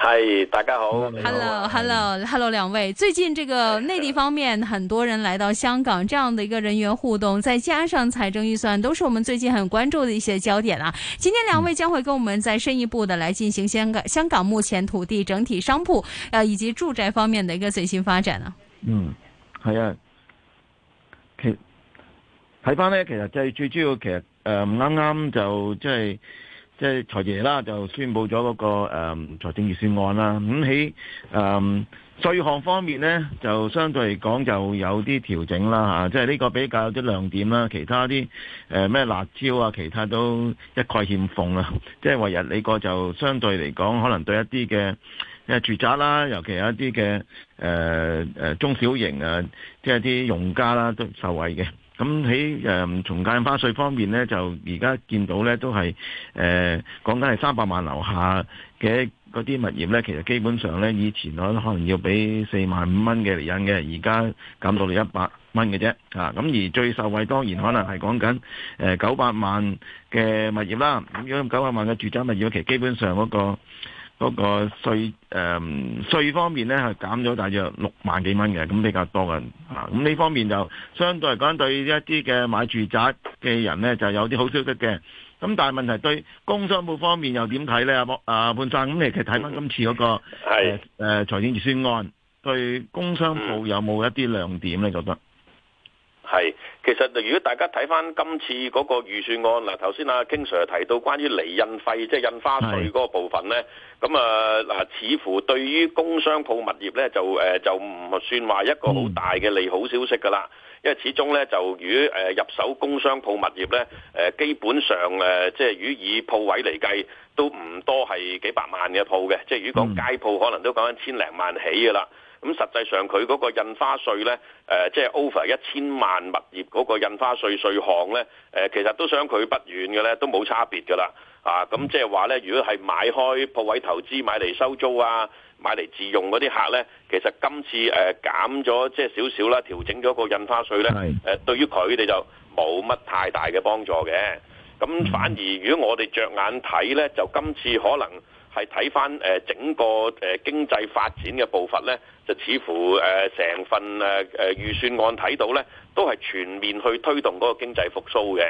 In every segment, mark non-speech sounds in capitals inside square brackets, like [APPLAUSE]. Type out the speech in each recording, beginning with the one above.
係，大家好。Hello，Hello，Hello，兩位，hello, um, hello, uh, hello, hello, uh, 最近這個內地方面很多人來到香港，yeah. 這樣的一個人員互動，再加上財政預算，都是我們最近很關注的一些焦點啊。今天兩位將會跟我們再深一步的來進行香港香港目前土地整體商鋪誒、呃、以及住宅方面的一個最新發展啊。嗯，係啊，其睇翻呢，其實即係最主要，其實誒啱啱就即、就、係、是。即係財爺啦，就宣佈咗嗰個誒、呃、財政預算案啦。咁喺誒稅項方面咧，就相對嚟講就有啲調整啦，嚇、啊。即係呢個比較有啲亮點啦，其他啲誒咩辣椒啊，其他都一概欠奉啦。即係話日，你個就相對嚟講，可能對一啲嘅誒住宅啦，尤其係一啲嘅誒誒中小型啊，即係啲用家啦都受惠嘅。咁喺誒從印花稅方面咧，就而家見到咧都係誒講緊係三百萬樓下嘅嗰啲物業咧，其實基本上咧以前可能可能要俾四萬五蚊嘅釐印嘅，而家減到你一百蚊嘅啫嚇。咁、啊、而最受惠當然可能係講緊誒九百萬嘅物業啦。咁樣九百萬嘅住宅物業，其實基本上嗰、嗰個。嗰個稅誒稅方面咧係減咗大約六萬幾蚊嘅，咁比較多嘅嚇。咁、啊、呢方面就相對嚟講對一啲嘅買住宅嘅人咧就有啲好消息嘅。咁但係問題對工商舖方面又點睇咧？阿阿潘生咁，你其實睇翻今次嗰個係誒財政預算案是對工商舖有冇一啲亮點咧？你覺得係。其實，如果大家睇翻今次嗰個預算案嗱，頭先阿 King Sir 提到關於離印費,、就是、印花即係印花稅嗰個部分呢，咁啊嗱，似乎對於工商鋪物業呢，就誒、呃、就唔算話一個好大嘅利好消息㗎啦，因為始終呢，就如果誒入手工商鋪物業呢，誒、呃、基本上誒、呃、即係如以鋪位嚟計，都唔多係幾百萬嘅鋪嘅，即係如果講街鋪，可能都講緊千零萬起㗎啦。咁實際上佢嗰個印花稅呢，誒即係 over 一千萬物業嗰個印花稅稅項呢，誒、呃、其實都相距不遠嘅咧，都冇差別㗎啦。啊，咁即係話呢，如果係買開鋪位投資買嚟收租啊，買嚟自用嗰啲客呢，其實今次誒、呃、減咗即係少少啦，調整咗個印花稅呢，誒是、呃、對於佢哋就冇乜太大嘅幫助嘅。咁、啊嗯、反而如果我哋着眼睇呢，就今次可能。係睇翻誒整個誒經濟發展嘅步伐咧，就似乎誒成份誒誒預算案睇到咧，都係全面去推動嗰個經濟復甦嘅。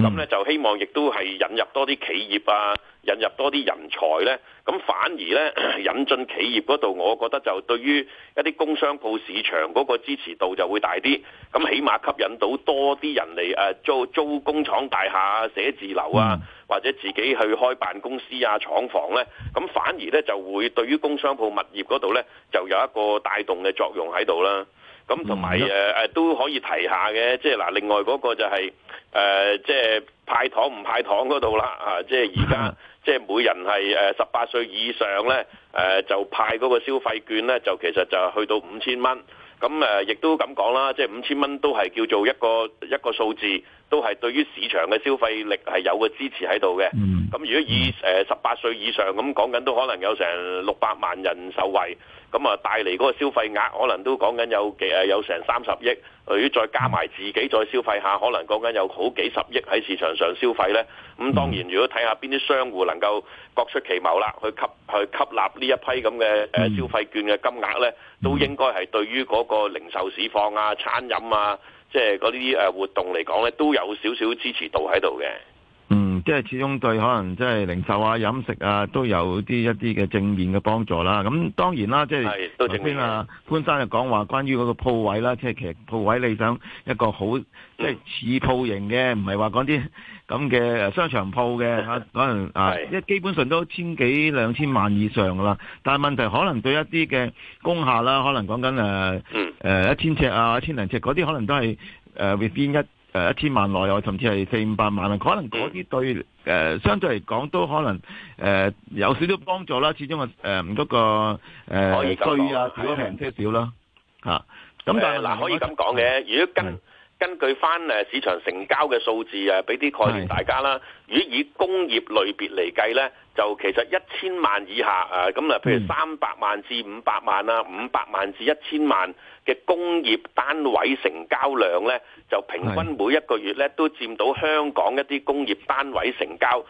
咁咧就希望亦都係引入多啲企業啊，引入多啲人才咧，咁反而咧引進企業嗰度，我覺得就對於一啲工商鋪市場嗰個支持度就會大啲，咁起碼吸引到多啲人嚟誒租租工廠大廈寫字樓啊，或者自己去開辦公司啊、廠房咧，咁反而咧就會對於工商鋪物業嗰度咧就有一個帶動嘅作用喺度啦。咁同埋誒誒都可以提下嘅，即係嗱，另外嗰個就係、是、誒、呃，即係派糖唔派糖嗰度啦，啊，即係而家即係每人係誒十八歲以上咧，誒、呃、就派嗰個消費券咧，就其實就去到五千蚊，咁誒亦都咁講啦，即係五千蚊都係叫做一個一個數字。都係對於市場嘅消費力係有個支持喺度嘅，咁、嗯、如果以誒十八歲以上咁講緊，都可能有成六百萬人受惠，咁啊帶嚟嗰個消費額可能都講緊有誒有成三十億，如果再加埋自己再消費下，可能講緊有好幾十億喺市場上消費呢。咁當然，如果睇下邊啲商戶能夠各出其謀啦，去吸去吸納呢一批咁嘅誒消費券嘅金額呢，都應該係對於嗰個零售市況啊、餐飲啊。即係嗰啲誒活動嚟講咧，都有少少支持度喺度嘅。即係始終對可能即係零售啊、飲食啊，都有啲一啲嘅正面嘅幫助啦。咁當然啦，即係頭先啊潘生就講話關於嗰個鋪位啦，即係其實鋪位你想一個好即係似鋪型嘅，唔係話嗰啲咁嘅商場鋪嘅嚇，可能啊，即係基本上都千幾兩千萬以上噶啦。但係問題可能對一啲嘅工廈啦，可能講緊誒誒一千尺啊、一千零尺嗰啲，可能都係誒邊一？誒、呃、一千萬內外，甚至係四五百萬啊，可能嗰啲對誒、呃、相對嚟講都可能誒、呃、有少少幫助啦。始終啊誒嗰個誒追、呃、啊，如果平啲少啦嚇。咁但係嗱可以咁講嘅，如果根的根據翻誒市場成交嘅數字啊，俾啲概念大家啦。的如果以工業類別嚟計咧，就其實一千萬以下啊，咁、呃、啊，譬如三百萬至五百萬啊，五百萬至一千萬。嘅工業單位成交量咧，就平均每一個月咧，都佔到香港一啲工業單位成交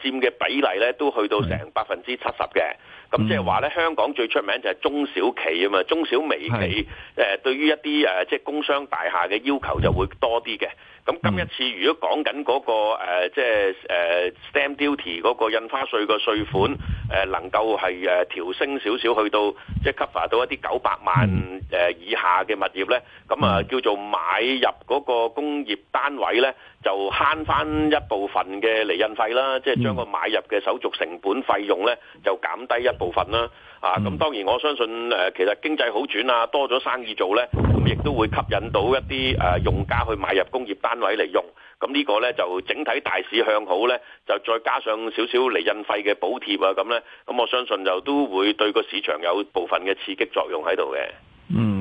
誒佔嘅比例咧，都去到成百分之七十嘅。咁、嗯、即係話咧，香港最出名就係中小企啊嘛，中小微企誒是、呃，對於一啲誒、呃、即係工商大廈嘅要求就會多啲嘅。咁、嗯嗯、今一次如果講緊嗰個、呃、即係誒、呃、stamp duty 嗰個印花稅個稅款誒、呃，能夠係誒調升少少去到即係 cover 到一啲九百萬誒、嗯呃、以下嘅物業咧，咁、呃、啊叫做買入嗰個工業單位咧。就慳返一部分嘅釐印費啦，即係將個買入嘅手續成本費用呢，就減低一部分啦。啊，咁當然我相信誒、呃，其實經濟好轉啊，多咗生意做呢，咁亦都會吸引到一啲誒、呃、用家去買入工業單位嚟用。咁呢個呢，就整體大市向好呢，就再加上少少釐印費嘅補貼啊，咁呢，咁我相信就都會對個市場有部分嘅刺激作用喺度嘅。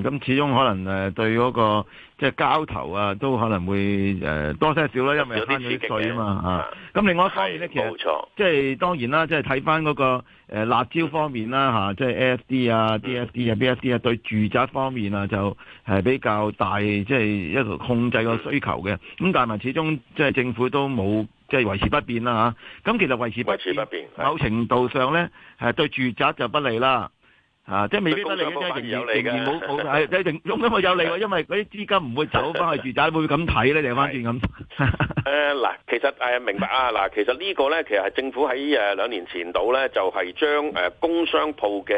咁始終可能誒對嗰個即係交投啊，都可能會誒多些少啦，因為有啲稅啊嘛嚇。咁另外一方面咧，其實即係當然啦，即係睇翻嗰個辣招方面啦嚇，即係 A F D 啊、D S D 啊、B S D 啊，對住宅方面啊就係比較大，即係一個控制個需求嘅。咁但係咪始終即係政府都冇即係維持不變啦嚇。咁其實維持不變，某程度上咧係對住宅就不利啦。啊！即係未必得利，即係仍然仍然冇冇，係即冇有利喎。因為嗰啲資金唔會走翻去住宅， [LAUGHS] 會唔會咁睇咧？定翻轉咁？誒、呃、嗱，其實誒、呃、明白啊！嗱，其實個呢個咧，其實政府喺誒兩年前度咧，就係、是、將誒、呃、工商鋪嘅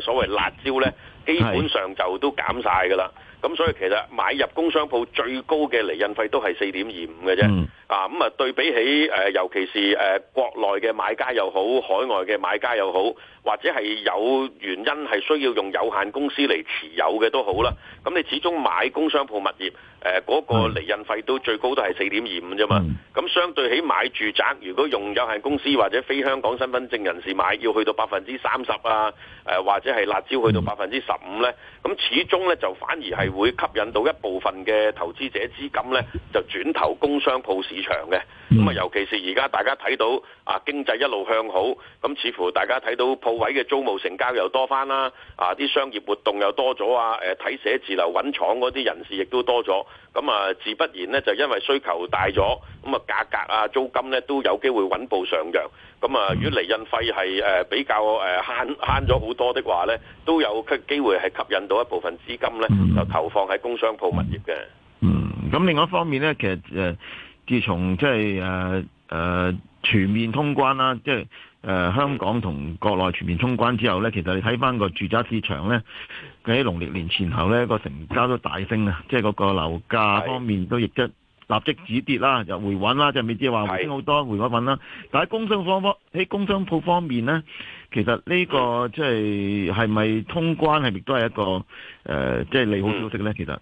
誒所謂辣椒咧，基本上就都減晒㗎啦。 [LAUGHS] 咁、嗯、所以其實買入工商鋪最高嘅離印費都係四點二五嘅啫，嗯、啊咁啊、嗯、對比起誒、呃、尤其是誒、呃、國內嘅買家又好，海外嘅買家又好，或者係有原因係需要用有限公司嚟持有嘅都好啦。咁你始終買工商鋪物業誒嗰、呃嗰個離印費都最高都係四點二五啫嘛。咁、嗯嗯、相對起買住宅，如果用有限公司或者非香港身份證人士買要去到百分之三十啊，誒、呃、或者係辣椒去到百分之十五咧，咁、嗯嗯、始終咧就反而係。會吸引到一部分嘅投資者資金咧，就轉投工商鋪市場嘅。咁啊，尤其是而家大家睇到啊，經濟一路向好，咁、啊、似乎大家睇到鋪位嘅租務成交又多返啦。啊，啲商業活動又多咗啊，誒，睇寫字樓揾廠嗰啲人士亦都多咗。咁啊，自不然咧，就因為需求大咗，咁啊，價格啊，租金咧都有機會穩步上揚。咁啊，嗯、如果釐印費係誒比較誒慳慳咗好多的話咧，都有吸機會係吸引到一部分資金咧，就、嗯、投放喺工商鋪物業嘅、嗯。嗯，咁另外一方面咧，其實誒，自從即係誒誒全面通關啦，即係誒、呃、香港同國內全面通關之後咧，其實你睇翻個住宅市場咧，佢喺農曆年前後咧，個成交都大升啊，即係嗰個樓價方面都亦都。立即止跌啦，就回穩啦，就未至於話升好多的回穩穩啦。但喺工商方方喺工商舖方面咧，其實呢個即係係咪通關係亦都係一個誒，即係利好消息咧？的其實。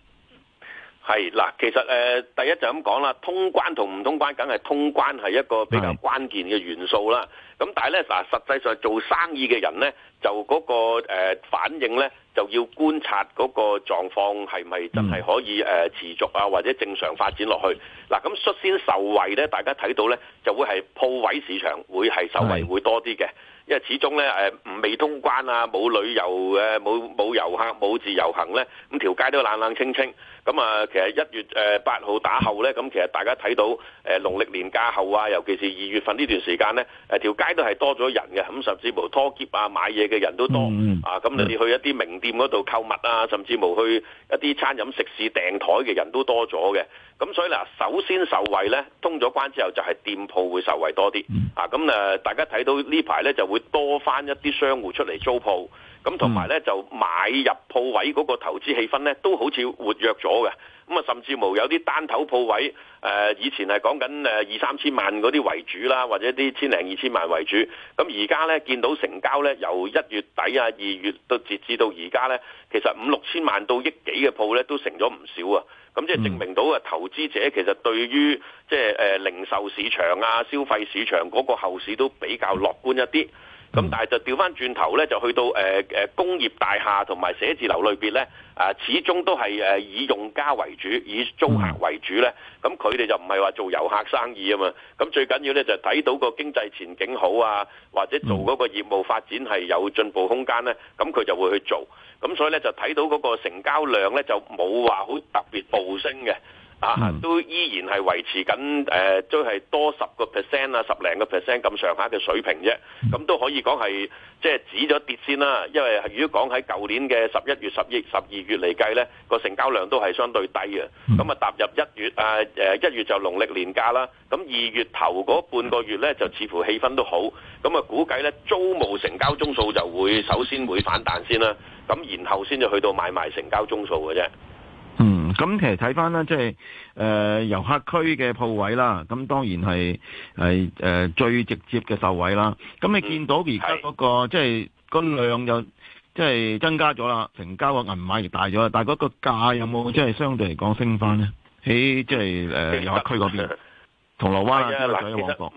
係嗱，其實誒、呃、第一就咁講啦，通關同唔通關，梗係通關係一個比較關鍵嘅元素啦。咁的但係咧嗱，實際上做生意嘅人咧，就嗰、那個、呃、反應咧，就要觀察嗰個狀況係咪真係可以誒持續啊，或者正常發展落去。嗱、呃，咁率先受惠咧，大家睇到咧，就會係鋪位市場會係受惠會多啲嘅。因為始終咧誒未通關啊，冇旅遊誒冇冇遊客冇自由行咧，咁條街都冷冷清清。咁、嗯、啊，其實一月誒八號打後咧，咁其實大家睇到誒農曆年假農曆年假後啊，尤其是二月份呢段時間咧，誒條街都係多咗人嘅，咁甚至乎拖劫啊，買嘢嘅人都多、嗯、啊。咁你去一啲名店嗰度購物啊，甚至乎去一啲餐飲食肆訂枱嘅人都多咗嘅。咁所以嗱，首先受惠咧，通咗關之後就係店鋪會受惠多啲啊。咁啊、呃呃，大家睇到呢排咧就會多翻一啲商戶出嚟租鋪。咁同埋咧，就買入鋪位嗰個投資氣氛咧，都好似活躍咗嘅。咁、嗯、啊，甚至乎有啲單頭鋪位，誒、呃、以前係講緊誒二三千萬嗰啲為主啦，或者啲千零二千萬為主。咁而家咧見到成交咧，由一月底啊二月都截至到而家咧，其實五六千萬到億幾嘅鋪咧都成咗唔少啊。咁、嗯嗯、即係證明到啊，投資者其實對於即係誒、呃、零售市場啊、消費市場嗰個後市都比較樂觀一啲。嗯。咁、嗯、但係就調翻轉頭咧，就去到誒誒、呃、工業大廈同埋寫字樓裏面咧，啊、呃、始終都係誒以用家為主，以租客為主咧。咁佢哋就唔係話做遊客生意啊嘛。咁最緊要咧就睇到個經濟前景好啊，或者做嗰個業務發展係有進步空間咧，咁佢就會去做。咁所以咧就睇到嗰個成交量咧就冇話好特別暴升嘅。啊、都依然係維持緊，誒都係多十個 percent 啊，十零個 percent 咁上下嘅水平啫。咁都、嗯、可以講係即係止咗跌先啦。因為如果講喺舊年嘅十一月、十一十二月嚟計呢，個成交量都係相對低嘅。咁啊、嗯，踏入一月啊，誒、呃、一月就農曆年假啦。咁二月頭嗰半個月呢，就似乎氣氛都好。咁啊，估計呢，租務成交宗數就會首先會反彈先啦。咁然後先至去到買賣成交宗數嘅啫。咁其實睇翻啦，即係誒遊客區嘅鋪位啦，咁當然係係誒最直接嘅受惠啦。咁你見到而家嗰個即係的個量又即係增加咗啦，成交嘅銀碼亦大咗，但係嗰個價有冇即係相對嚟講升翻咧？喺即係誒遊客區嗰邊，銅鑼灣啊，尖沙咀啊，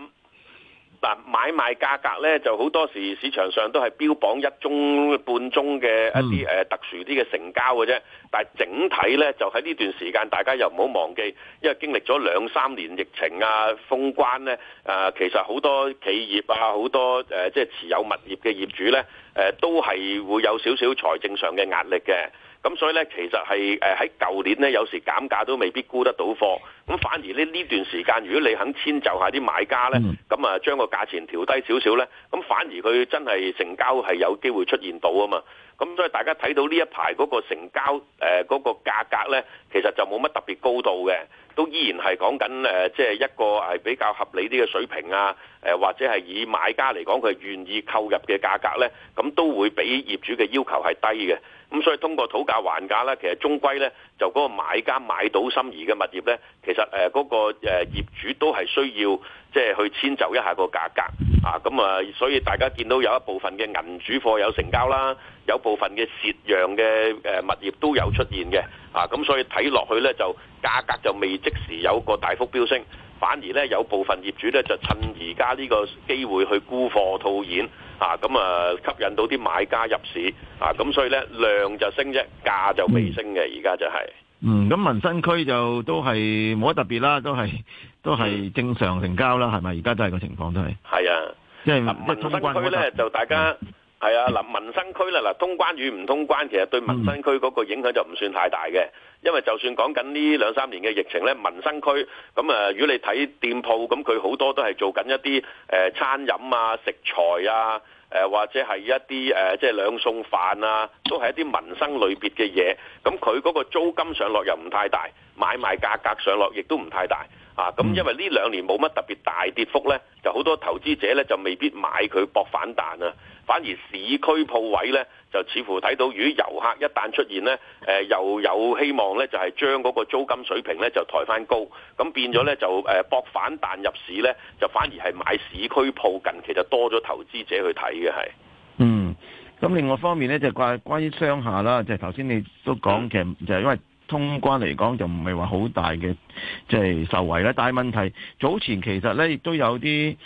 但買賣價格呢，就好多時市場上都係標榜一宗半宗嘅一啲誒特殊啲嘅成交嘅啫，但係整體呢，就喺呢段時間，大家又唔好忘記，因為經歷咗兩三年疫情啊封關呢，誒、啊、其實好多企業啊，好多誒、啊、即係持有物業嘅業主呢，誒、啊、都係會有少少財政上嘅壓力嘅。咁所以咧，其實係誒喺舊年咧，有時減價都未必沽得到貨，咁反而呢，呢段時間，如果你肯遷就下啲買家咧，咁啊將個價錢調低少少咧，咁反而佢真係成交係有機會出現到啊嘛。咁所以大家睇到呢一排嗰個成交誒嗰、呃嗰個價格咧，其實就冇乜特別高度嘅，都依然係講緊誒，即、呃、係一個係比較合理啲嘅水平啊。誒、呃、或者係以買家嚟講，佢願意購入嘅價格咧，咁都會比業主嘅要求係低嘅。咁、嗯、所以通過討價還價咧，其實終歸咧就嗰個買家買到心儀嘅物業咧，其實誒嗰、呃那個誒、呃、業主都係需要即係、就是、去遷就一下個價格啊！咁啊，所以大家見到有一部分嘅銀主貨有成交啦，有部分嘅蝕讓嘅誒物業都有出現嘅啊！咁、嗯、所以睇落去咧就價格就未即時有個大幅飆升，反而咧有部分業主咧就趁而家呢個機會去沽貨套現。啊，咁啊吸引到啲買家入市，啊咁所以咧量就升啫，價就未升嘅，而家就係。嗯，咁民生區就都係冇乜特別啦，都係都係正常成交啦，係咪？而家都係個情況都係。係啊，即係民生區咧，就大家係啊嗱，民生區啦嗱，通關與唔通關，其實對民生區嗰個影響就唔算太大嘅。因為就算講緊呢兩三年嘅疫情呢，民生區咁誒，如果你睇店鋪，咁佢好多都係做緊一啲誒餐飲啊、食材啊，誒或者係一啲誒即係兩餸飯啊，都係一啲民生類別嘅嘢。咁佢嗰個租金上落又唔太大，買賣價格上落亦都唔太大啊。咁因為呢兩年冇乜特別大跌幅呢，就好多投資者呢就未必買佢博反彈啊。反而市區鋪位呢，就似乎睇到，如果遊客一旦出現呢，誒、呃、又有希望呢，就係、是、將嗰個租金水平呢，就抬翻高，咁變咗呢，就誒搏、呃、反彈入市呢，就反而係買市區鋪近，近期就多咗投資者去睇嘅係。嗯，咁另外方面呢，就關、是、關於商廈啦，就頭、是、先你都講，嗯、其實就係因為通關嚟講就唔係話好大嘅即係受惠啦，但係問題早前其實呢，亦都有啲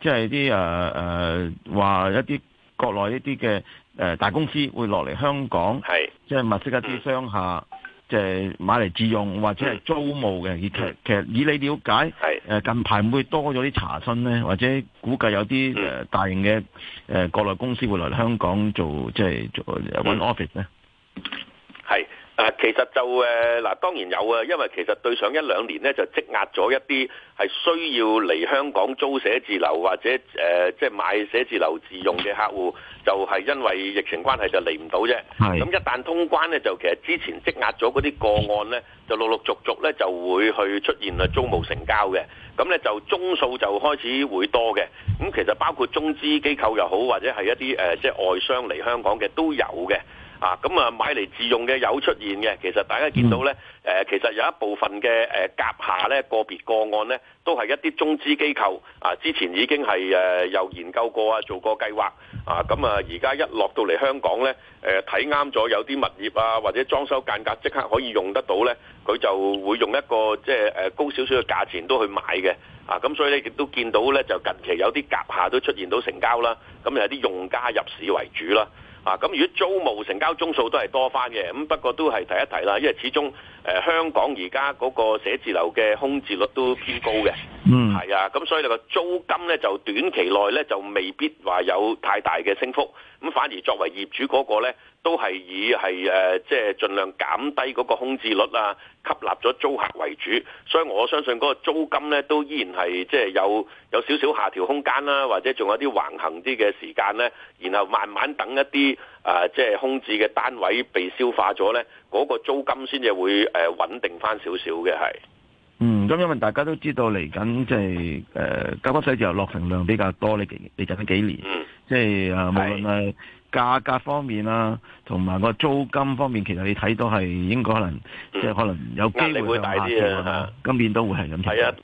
即係啲誒誒話一啲。呃呃國內一啲嘅誒大公司會落嚟香港，係是即係物色一啲商廈，即、就、係、是、買嚟自用或者係租務嘅。其實其實以你了解，係誒是、呃、近排唔會多咗啲查詢咧，或者估計有啲誒、呃、大型嘅誒、呃、國內公司會落嚟香港做即係做揾是 office 咧。啊、呃，其實就誒嗱、呃，當然有啊，因為其實對上一兩年咧就積壓咗一啲係需要嚟香港租寫字樓或者誒、呃、即係買寫字樓自用嘅客戶，就係、是、因為疫情關係就嚟唔到啫。咁是一旦通關咧，就其實之前積壓咗嗰啲個案咧，就陸陸續續咧就會去出現啦租務成交嘅，咁咧就宗數就開始會多嘅。咁其實包括中資機構又好，或者係一啲誒、呃、即係外商嚟香港嘅都有嘅。啊，咁、嗯、啊買嚟自用嘅有出現嘅，其實大家見到呢，誒、呃、其實有一部分嘅誒甲廈呢個別個案呢，都係一啲中資機構啊，之前已經係誒、呃、又研究過啊，做過計劃啊，咁、嗯、啊而家一落到嚟香港呢，誒睇啱咗有啲物業啊，或者裝修間隔即刻可以用得到呢，佢就會用一個即係高少少嘅價錢都去買嘅，啊咁、嗯、所以呢，亦都見到呢，就近期有啲甲廈都出現到成交啦，咁又係啲用家入市為主啦。啊，咁如果租務成交宗數都係多翻嘅，咁、嗯、不過都係提一提啦，因為始終誒、呃、香港而家嗰個寫字樓嘅空置率都偏高嘅、嗯，嗯，係啊，咁所以你個租金呢，就短期內呢，就未必話有太大嘅升幅，咁、嗯、反而作為業主嗰個呢。都係以係誒、啊，即係盡量減低嗰個空置率啊，吸納咗租客為主，所以我相信嗰個租金咧都依然係即係有有少少下調空間啦，或者仲有啲橫行啲嘅時間咧，然後慢慢等一啲啊，即係空置嘅單位被消化咗咧，嗰、嗰個租金先至會誒穩、啊、定翻少少嘅係。嗯，咁因為大家都知道嚟緊即係誒，交屋仔就係呃、自由落成量比較多，你，近你近幾年，嗯、即係無論價格方面啊，同埋個租金方面，其實你睇到係應該可能，即係可能有機會大啲啊！今年都會係咁。係啊，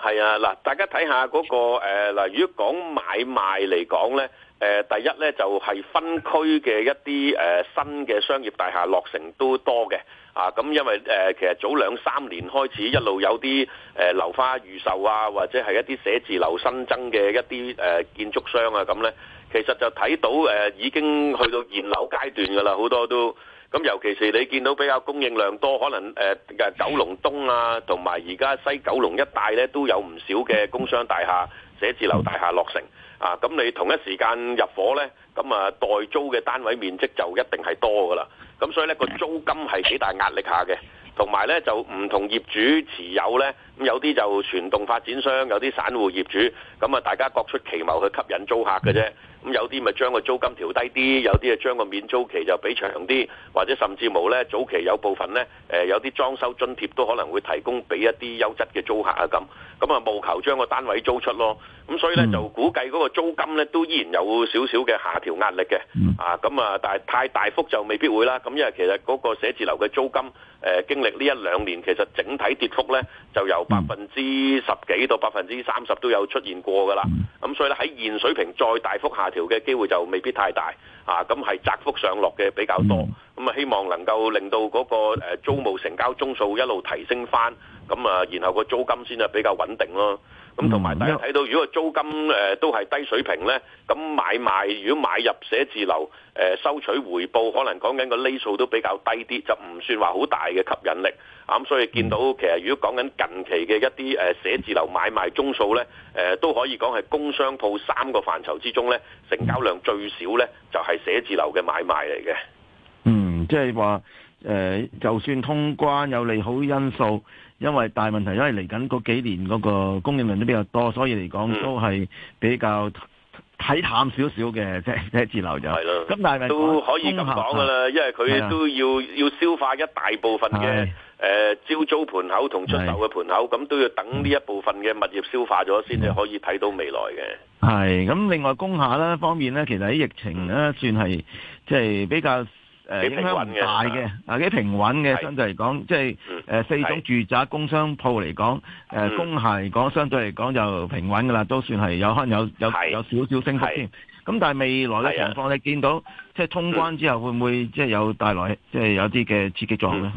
係啊，嗱，大家睇下嗰個誒嗱，如果講買賣嚟講咧，誒第一咧就係分區嘅一啲誒新嘅商業大廈落成都多嘅啊，咁因為誒其實早兩三年開始一路有啲誒樓花預售啊，或者係一啲寫字樓新增嘅一啲誒建築商啊咁咧。其實就睇到誒、呃、已經去到現樓階段㗎啦，好多都咁、嗯，尤其是你見到比較供應量多，可能誒、呃、九龍東啊，同埋而家西九龍一帶咧都有唔少嘅工商大廈、寫字樓大廈落成啊，咁、嗯、你同一時間入伙咧，咁、嗯、啊代租嘅單位面積就一定係多㗎啦，咁、嗯、所以咧個租金係幾大壓力下嘅，同埋咧就唔同業主持有咧，咁、嗯、有啲就全棟發展商，有啲散戶業主，咁、嗯、啊大家各出奇謀去吸引租客嘅啫。 [NOISE] 咁、嗯、有啲咪將個租金調低啲，有啲啊將個免租期就俾長啲，或者甚至冇咧，早期有部分咧，誒、呃，有啲裝修津貼都可能會提供俾一啲優質嘅租客啊咁，咁啊務求將個單位租出咯。咁所以咧就估計嗰個租金咧都依然有少少嘅下調壓力嘅，啊咁、嗯、啊，但係太大幅就未必會啦。咁因為其實嗰個寫字樓嘅租金，誒、呃、經歷呢一兩年其實整體跌幅咧就由百分之十幾到百分之三十都有出現過㗎啦。咁、嗯啊、所以咧喺現水平再大幅下調嘅機會就未必太大，啊咁係窄幅上落嘅比較多。咁、嗯、啊，希望能夠令到嗰個租務成交宗數一路提升翻，咁啊，然後個租金先係比較穩定咯。咁同埋大家睇到，如果租金誒、呃、都係低水平咧，咁買賣如果買入寫字樓誒、呃、收取回報可能講緊個厘數都比較低啲，就唔算話好大嘅吸引力。啊、嗯，咁所以見到其實如果講緊近期嘅一啲誒寫字樓買賣宗數咧，誒、呃、都可以講係工商鋪三個範疇之中咧，成交量最少咧，就係、是、寫字樓嘅買賣嚟嘅。嗯，即係話誒就算通關有利好因素。因為大問題，因為嚟緊嗰幾年嗰個供應量都比較多，所以嚟講都係比較睇淡少少嘅，即係即係自流就係咯。咁但係都可以咁講㗎喇，下因為佢都要、嗯、要消化一大部分嘅誒招租盤口同出售嘅盤口，咁都的、嗯、要等呢一部分嘅物業消化咗先至可以睇到未來嘅。係咁，另外工廈呢方面呢，其實喺疫情呢算係即係比較。誒影響唔大嘅，啊，幾平穩嘅，相對嚟講，即係誒四種住宅、工商舖嚟講，誒工廈嚟講，相對嚟講就平穩㗎喇，都算係有可能有有有少少升幅添。咁但係未來嘅情況，你見到即係通關之後，會唔會即係有帶來即係有啲嘅刺激作用咧？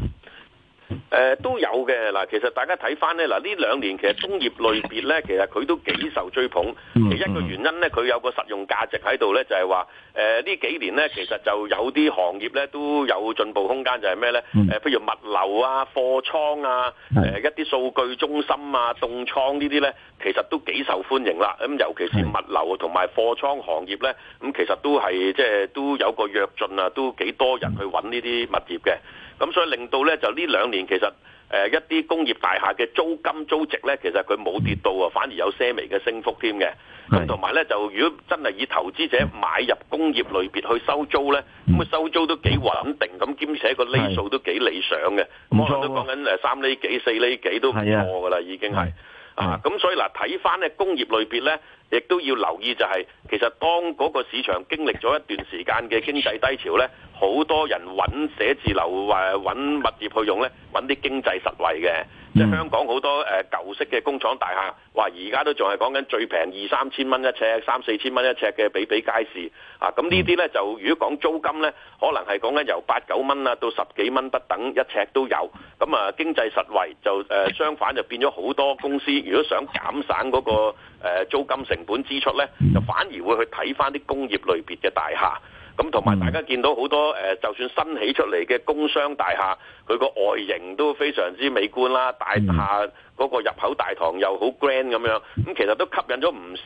誒、呃、都有嘅嗱，其實大家睇翻咧嗱，呢兩年其實工業類別咧，其實佢都幾受追捧。其一個原因咧，佢有個實用價值喺度咧，就係話誒呢幾年咧，其實就有啲行業咧都有進步空間，就係咩咧？誒，譬如物流啊、貨倉啊、誒、呃、一啲數據中心啊、凍倉呢啲咧，其實都幾受歡迎啦。咁、呃、尤其是物流同埋貨倉行業咧，咁、嗯、其實都係即係都有個躍進啊，都幾多人去揾呢啲物業嘅。咁所以令到咧就呢兩年其實誒一啲工業大廈嘅租金租值咧，其實佢冇跌到啊，反而有些微嘅升幅添嘅。咁同埋咧就如果真係以投資者買入工業類別去收租咧，咁啊收租都幾穩定，咁兼且個厘數都幾理想嘅。冇錯，都講緊誒三厘幾四厘幾都唔錯㗎啦，已經係啊。咁所以嗱睇翻咧工業類別咧，亦都要留意就係其實當嗰個市場經歷咗一段時間嘅經濟低潮咧。好多人揾寫字樓或揾物業去用呢，揾啲經濟實惠嘅。Mm. 即係香港好多誒、呃、舊式嘅工廠大廈，話而家都仲係講緊最平二三千蚊一尺，三四千蚊一尺嘅比比皆是。啊，咁呢啲呢，就如果講租金呢，可能係講緊由八九蚊啊到十幾蚊不等一尺都有。咁、嗯、啊，經濟實惠就誒、呃、相反就變咗好多公司，如果想減省嗰、嗰個、呃、租金成本支出呢，就反而會去睇返啲工業類別嘅大廈。咁同埋大家見到好多誒、呃，就算新起出嚟嘅工商大廈。佢個外形都非常之美觀啦，大廈嗰個入口大堂又好 grand 咁樣，咁其實都吸引咗唔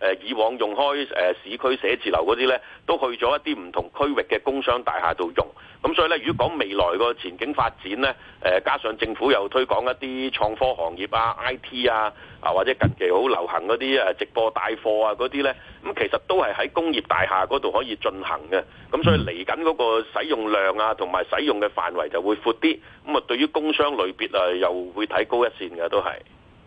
少誒以往用開誒市區寫字樓嗰啲呢，都去咗一啲唔同區域嘅工商大廈度用。咁所以呢，如果講未來個前景發展呢，誒加上政府又推廣一啲創科行業啊、IT 啊，啊或者近期好流行嗰啲誒直播帶貨啊嗰啲呢，咁其實都係喺工業大廈嗰度可以進行嘅。咁所以嚟緊嗰個使用量啊，同埋使用嘅範圍就會闊啲。咁啊、嗯，對於工商類別啊，又會睇高一線嘅都係。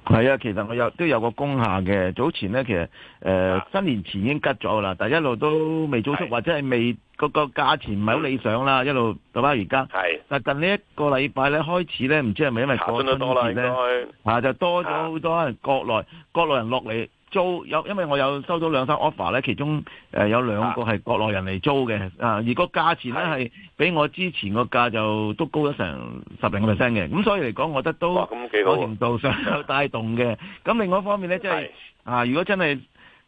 係啊，其實我有都有個工廈嘅。早前咧，其實誒新年前已經吉咗㗎啦，但係一路都未做足，是或者係未、那個個價錢唔係好理想啦。嗯、一路到返而家，係是但近禮呢一個禮拜咧，開始咧，唔知係咪因為得多年咧，啊，啊就多咗好多國內國內人國內國內人落嚟。租有，因為我有收咗兩三 offer 咧，其中誒、呃、有兩個係國內人嚟租嘅，啊，而個價錢咧係的比我之前個價就都高咗成十零個 percent 嘅，咁、嗯、所以嚟講，我覺得都某程度上有帶動嘅。咁另外一方面咧，即、就、係、是、的啊，如果真係。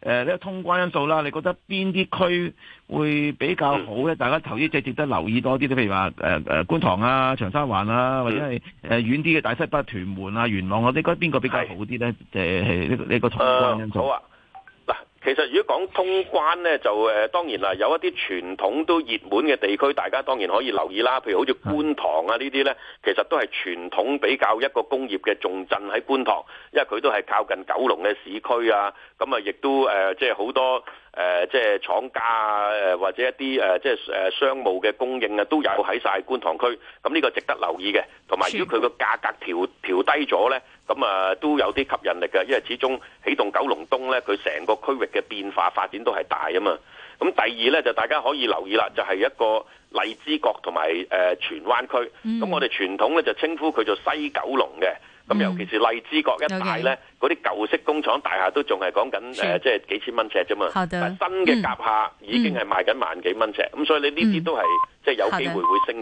誒呢個通關因素啦，你覺得邊啲區會比較好咧？大家投資即係值得留意多啲啲，譬如話誒誒觀塘啊、長沙灣啊，或者係誒遠啲嘅大西北、屯門啊、元朗啊，你覺得邊個比較好啲咧？誒係呢呢個通關因素。Uh，好啊。其實如果講通關咧，就誒、呃、當然啦，有一啲傳統都熱門嘅地區，大家當然可以留意啦。譬如好似觀塘啊呢啲咧，其實都係傳統比較一個工業嘅重鎮喺觀塘，因為佢都係靠近九龍嘅市區啊。咁、嗯、啊，亦都誒、呃、即係好多。誒、呃、即係廠家誒、呃、或者一啲誒、呃、即係誒商務嘅供應啊，都有喺晒觀塘區，咁呢個值得留意嘅。同埋如果佢個價格調調低咗呢，咁啊、呃、都有啲吸引力嘅，因為始終起動九龍東呢，佢成個區域嘅變化發展都係大啊嘛。咁第二呢，就大家可以留意啦，就係、是、一個荔枝角同埋誒荃灣區，咁我哋傳統呢，就稱呼佢做西九龍嘅。咁、嗯、尤其是荔枝角一帶咧，啲舊 Okay. 式工廠大廈都仲係講緊誒，即係幾千蚊尺啫嘛。的但新嘅甲廈已經係賣緊萬幾蚊尺，咁的、嗯、所以你呢啲都係、嗯、即係有機會會升。